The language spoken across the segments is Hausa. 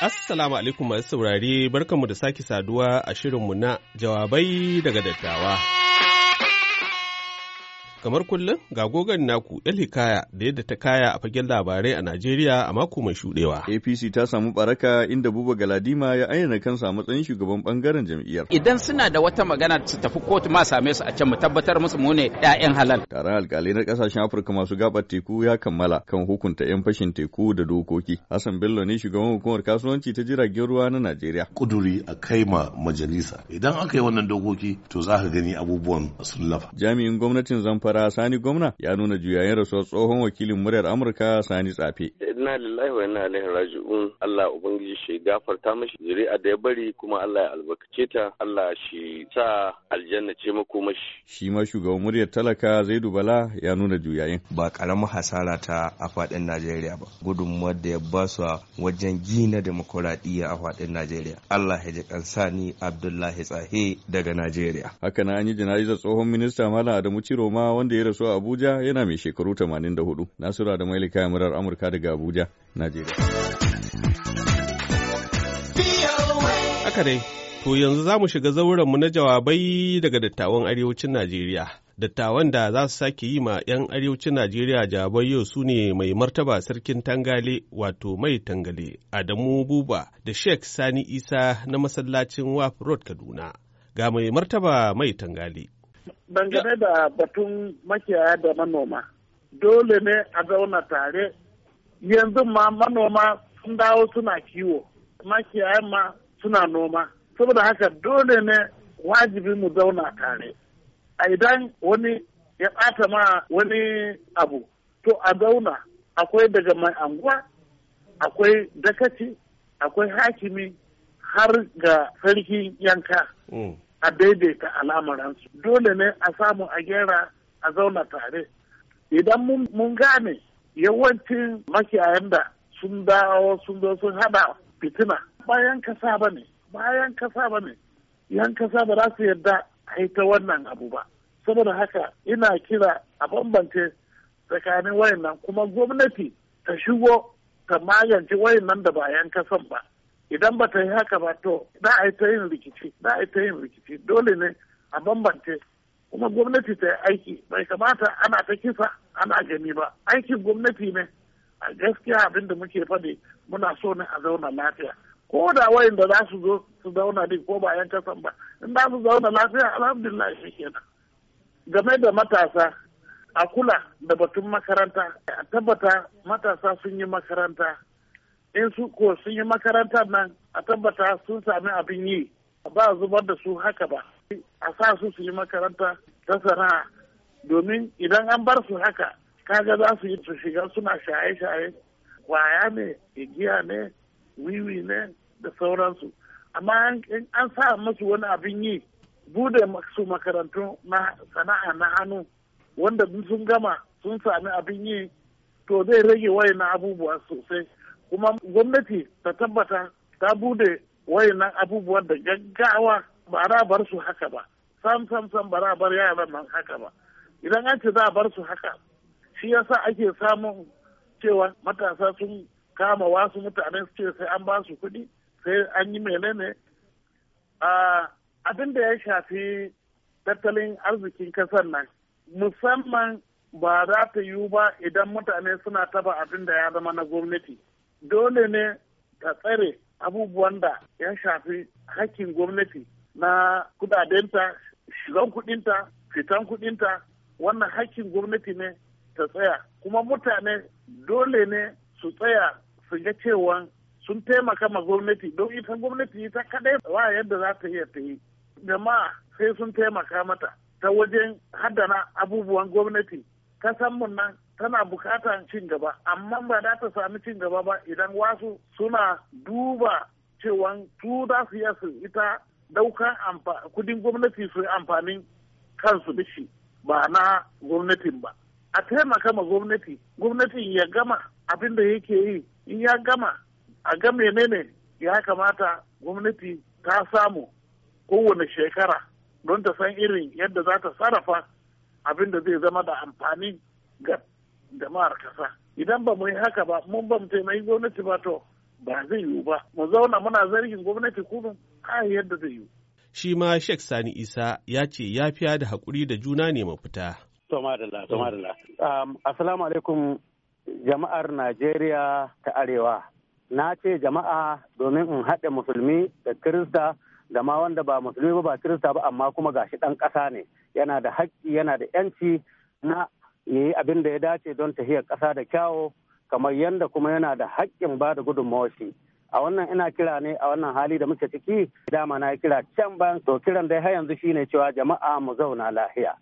Assalamu alaikum masu saurare barkanmu da sake saduwa a shirinmu na jawabai daga dattawa. Kamar kullum ga gogon naku El Hikaya da yadda ta kaya a fagen labarai a Najeriya a mako mai shuɗewa. APC ta samu baraka inda Buba Galadima ya ayyana kansa a matsayin shugaban bangaren jam'iyyar. Idan suna da wata magana su tafi kotu ma same su a can mu tabbatar musu mu ne ƴaƴan halal. Taron alkalai na ƙasashen Afirka masu gabar teku ya kammala kan hukunta 'yan fashin teku da dokoki. Hassan Bello ne shugaban hukumar kasuwanci ta jiragen ruwa na Najeriya. Kuduri a kai ma majalisa. Idan aka yi wannan dokoki to za ka gani abubuwan sun lafa. Jami'in gwamnatin Zamfara Zamfara Sani Gwamna ya nuna juyayen rasuwar tsohon wakilin muryar Amurka Sani Tsafe. Inna lillahi wa inna ilaihi raji'un. Allah ubangiji shi gafarta mashi a da ya bari kuma Allah ya albarkace ta. Allah shi sa aljanna ce makomashi. Shi ma shugaban muryar talaka Zaidu Bala ya nuna juyayen. Ba karamin hasara ta a faɗin Najeriya ba. Gudunmuwar da ya ba su wajen gina demokuraɗiyya a faɗin Najeriya. Allah ya ji kansani Abdullahi Tsahe daga Najeriya. Haka na an yi jana'izar tsohon minista Malam Adamu Ciroma wanda ya rasu a Abuja yana mai shekaru 84. Nasiru da Mailika murar Amurka daga Abuja, Najeriya. Haka dai, to yanzu za mu shiga zaurenmu na jawabai daga dattawan arewacin Najeriya. Dattawan da za su sake yi ma 'yan arewacin Najeriya jawabai yau su ne mai martaba sarkin Tangale wato mai Tangale, Adamu Buba da Sheikh Sani Isa na masallacin Waf Road Kaduna. Ga mai martaba mai Tangale. dangane da batun makiyaya da manoma dole ne a zauna tare yanzu ma manoma sun dawo suna kiwo makiyaya ma suna noma saboda haka dole ne wajibi mu zauna tare a idan wani ya ɓata ma wani abu to a zauna akwai daga mai anguwa akwai dakaci akwai hakimi har ga sarki yanka mm. a daidaita al'amuransu dole ne a samu a gera a zauna tare idan mun gane yawancin makiyayan da sun dawo sun zo sun hada fitina bayan kasa ba ne bayan kasa ba ne yan kasa ba za su yarda a ta wannan abu ba saboda haka ina kira a bambance tsakanin wayannan kuma gwamnati ta shigo ta magance wayannan da ba yan kasan ba idan ba ta yi haka ba to da a yi ta yin rikici da a yi ta yin rikici dole ne a bambance kuma gwamnati ta yi aiki bai kamata ana ta kisa ana gani ba aikin gwamnati ne a gaskiya abin da muke faɗi muna so ne a zauna lafiya ko da wayan da za su zo su zauna din ko bayan kasan ba in za su zauna lafiya alhamdulillah shi kenan game da matasa a kula da batun makaranta a tabbata matasa sun yi makaranta in su ko sun yi makarantar nan a tabbata sun sami abin yi a ba a zubar da su haka ba a sa su su yi makaranta ta sana'a domin idan an bar su haka kaga za su yi su shiga suna shaye-shaye waya ne igiya ne wiwi ne da sauransu amma an sa musu wani abin yi bude su makarantu na sana'a na hannu wanda sun gama sun sami abin yi to zai rage wayan abubuwa sosai kuma gwamnati ta tabbata ta bude wayannan abubuwan da gaggawa ba a bar su haka ba sam sam sam ba a bar yaran nan haka ba idan an ce za a bar su haka shi yasa ake samun cewa matasa sun kama wasu mutane su ce sai an ba su kuɗi sai an yi menene abin da ya shafi tattalin arzikin kasar nan musamman ba za ta yiwu ba idan mutane suna taba abin da ya zama na gwamnati dole ne ta tsare abubuwan da ya shafi hakkin gwamnati na kudadenta shigan kudinta fitan kudinta wannan hakkin gwamnati ne ta tsaya kuma mutane dole ne su tsaya su ga cewa sun taimaka ma gwamnati don ita gwamnati ta kadai ba yadda za ta iya ta yi jama'a sai sun taimaka mata ta wajen haddana abubuwan gwamnati kasanmu nan tana bukatan cin gaba amma ba za ta sami cin gaba ba idan wasu suna duba cewa su za su iya su ita daukan kudin gwamnati su amfanin kansu da shi ba na gwamnatin ba a taimaka ma gwamnati gwamnatin ya gama abin da yake yi in ya gama a ga menene ya kamata gwamnati ta samu kowane shekara don ta san irin yadda za ta sarrafa abin da zai zama da amfani ga jama'ar kasa idan ba mu yi haka ba mun ba mu taimaki gwamnati ba to ba zai yiwu ba mu zauna muna zargin gwamnati kuma a yadda zai yiwu shi ma Sheikh Sani Isa ya ce ya fiya da haƙuri da juna ne mafita. to Um, Assalamu alaikum jama'ar Najeriya ta Arewa. Na ce jama'a domin in haɗe musulmi da Kirista da ma wanda ba musulmi ba ba kirista ba amma kuma gashi dan kasa ne yana da haƙƙi yana da yanci na yayi abin da ya dace don tahiyar kasa da kyawo kamar yadda kuma yana da haƙƙin ba da gudunmawar shi a wannan ina kira ne a wannan hali da muke ciki dama na kira can bayan to kiran dai har yanzu shine cewa jama'a mu zauna lahiya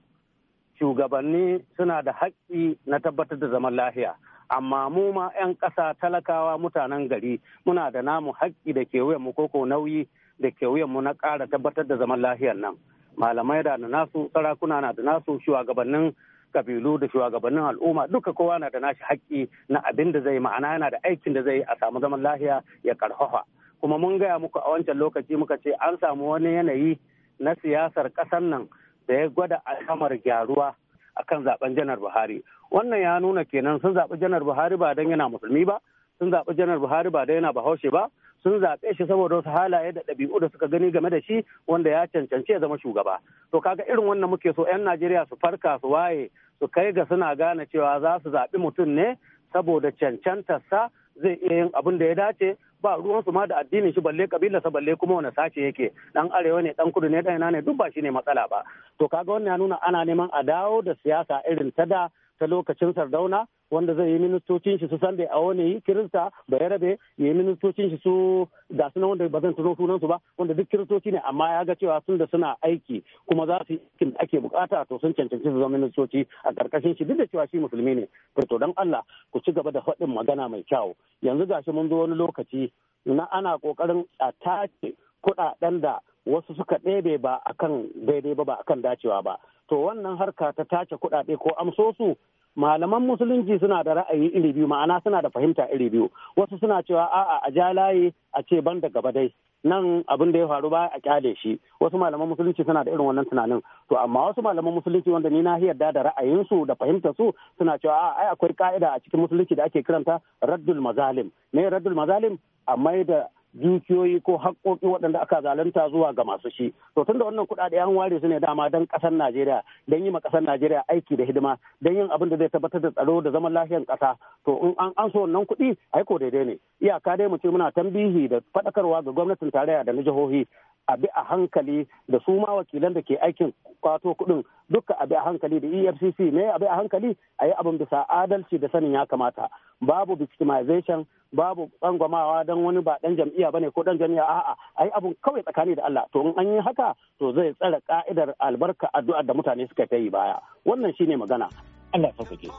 shugabanni suna da haƙƙi na tabbatar da zaman lahiya amma mu ma 'yan ƙasa talakawa mutanen gari muna da namu haƙƙi da ke mu koko nauyi da ke mu na ƙara tabbatar da zaman lafiyar nan malamai da nasu sarakuna na da nasu shugabannin kabilu da shugabannin al'umma duka kowa na da nashi haƙƙi na abin da zai ma'ana yana da aikin da zai a samu zaman lafiya ya karfafa kuma mun gaya muku a wancan lokaci muka ce an samu wani yanayi na siyasar ƙasar nan da ya gwada alhamar gyaruwa akan zaben janar buhari wannan ya nuna kenan sun zaɓi janar buhari ba don yana musulmi ba sun zaɓi janar buhari ba don yana bahaushe ba sun zaɓe shi saboda wasu halaye da ɗabi'u da suka gani game da shi wanda ya cancanci ya zama shugaba to kaga irin wannan muke so 'yan najeriya su farka su waye su kai ga suna gane cewa za su zaɓi mutum ne saboda cancantarsa zai iya yin abin da ya dace ba ruwan su ma da addinin shi balle kabila sa balle kuma wani sace yake dan arewa ne dan kudu ne dan ina ne duk ba shi ne matsala ba to kaga wannan ya nuna ana neman a dawo da siyasa irin ta da ta lokacin sardauna wanda zai yi ministocin shi su da a wani kirista bai rabe yi ministocin shi su ga suna wanda ba zan tuno sunan ba wanda duk kiristoci ne amma ya ga cewa sun da suna aiki kuma za su yi ake bukata to sun cancanci su zama ministoci a karkashin shi duk da cewa shi musulmi ne to dan Allah ku ci gaba da faɗin magana mai kyau yanzu gashi mun zo wani lokaci na ana kokarin a tace kuɗaɗen da wasu suka ɗebe ba akan daidai ba ba akan dacewa ba to wannan harka ta tace kuɗaɗe ko amso su malaman musulunci suna da ra'ayi iri biyu ma'ana suna da fahimta iri biyu wasu suna cewa a'a a ja layi a ce ban da gaba dai nan abin da ya faru ba a kyale shi wasu malaman musulunci suna da irin wannan tunanin to amma wasu malaman musulunci wanda ni na yarda da ra'ayin su da fahimta su suna cewa a'a ai akwai ka'ida a cikin musulunci da ake kiranta raddul mazalim me raddul mazalim a mai da dukiyoyi ko haƙƙoƙi waɗanda aka zalunta zuwa ga masu shi to tunda wannan kuɗaɗe an ware su ne dama don ƙasar Najeriya don yi ma ƙasar Najeriya aiki da hidima don yin abin da zai tabbatar da tsaro da zaman lafiyar ƙasa to in an an so wannan kuɗi ai ko daidai ne iyaka dai mu ce muna tambihi da faɗakarwa ga gwamnatin tarayya da na jihohi a bi a hankali da su ma wakilan da ke aikin kwato kuɗin duka a bi a hankali da EFCC ne a bi a hankali a yi abin bisa adalci da sanin ya kamata babu victimization babu tsangwamawa don wani ba dan jam'iyya bane ko dan jam'iyya a'a ai abun kawai tsakani da Allah to in an yi haka to zai tsare ka'idar albarka addu'ar da mutane suka ta yi baya wannan shine magana Allah sauƙaƙe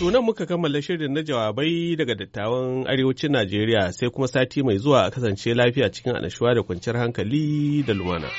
To nan muka kammala shirin na jawabai daga dattawan arewacin Najeriya sai kuma sati mai zuwa a kasance lafiya cikin annashuwa da kwanciyar hankali da lumana.